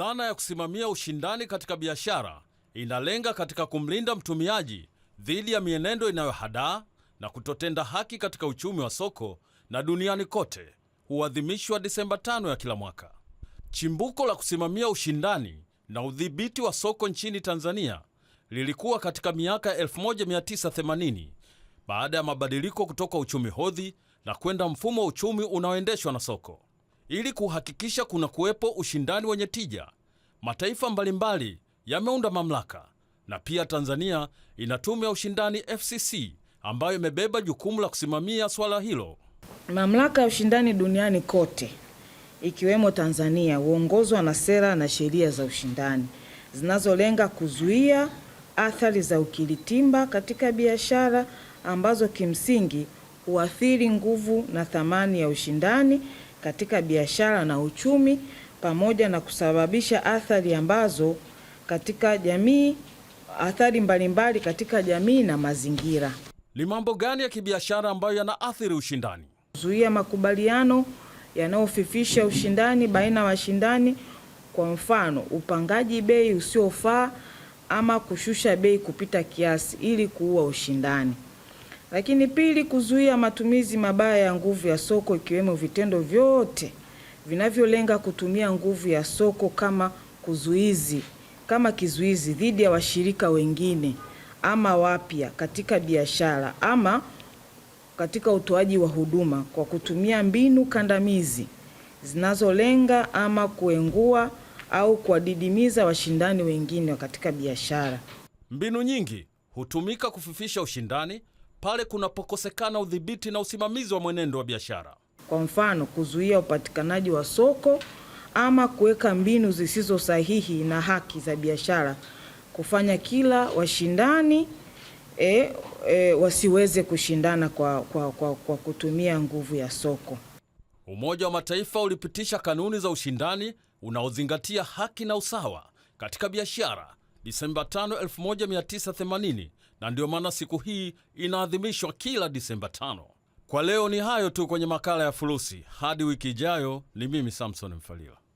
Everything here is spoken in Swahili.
Dhana ya kusimamia ushindani katika biashara inalenga katika kumlinda mtumiaji dhidi ya mienendo inayohadaa na kutotenda haki katika uchumi wa soko na duniani kote huadhimishwa Disemba tano ya kila mwaka. Chimbuko la kusimamia ushindani na udhibiti wa soko nchini Tanzania lilikuwa katika miaka 1980 baada ya mabadiliko kutoka uchumi hodhi na kwenda mfumo wa uchumi unaoendeshwa na soko. Ili kuhakikisha kuna kuwepo ushindani wenye tija, mataifa mbalimbali yameunda mamlaka na pia Tanzania ina tume ya ushindani FCC ambayo imebeba jukumu la kusimamia swala hilo. Mamlaka ya ushindani duniani kote ikiwemo Tanzania huongozwa na sera na sheria za ushindani zinazolenga kuzuia athari za ukiritimba katika biashara ambazo kimsingi huathiri nguvu na thamani ya ushindani katika biashara na uchumi pamoja na kusababisha athari ambazo katika jamii athari mbalimbali katika jamii na mazingira. Ni mambo gani ya kibiashara ambayo yanaathiri ushindani? Kuzuia makubaliano yanayofifisha ushindani baina ya washindani, kwa mfano upangaji bei usiofaa ama kushusha bei kupita kiasi ili kuua ushindani. Lakini pili, kuzuia matumizi mabaya ya nguvu ya soko ikiwemo vitendo vyote vinavyolenga kutumia nguvu ya soko kama kuzuizi kama kizuizi dhidi ya washirika wengine ama wapya katika biashara ama katika utoaji wa huduma kwa kutumia mbinu kandamizi zinazolenga ama kuengua au kuwadidimiza washindani wengine katika biashara. Mbinu nyingi hutumika kufifisha ushindani pale kunapokosekana udhibiti na usimamizi wa mwenendo wa biashara. Kwa mfano, kuzuia upatikanaji wa soko ama kuweka mbinu zisizo sahihi na haki za biashara kufanya kila washindani e, e, wasiweze kushindana kwa, kwa, kwa, kwa kutumia nguvu ya soko. Umoja wa Mataifa ulipitisha kanuni za ushindani unaozingatia haki na usawa katika biashara Disemba 5, 1980 na ndiyo maana siku hii inaadhimishwa kila Disemba 5. Kwa leo ni hayo tu kwenye makala ya Fulusi. Hadi wiki ijayo, ni mimi Samson Mfalila.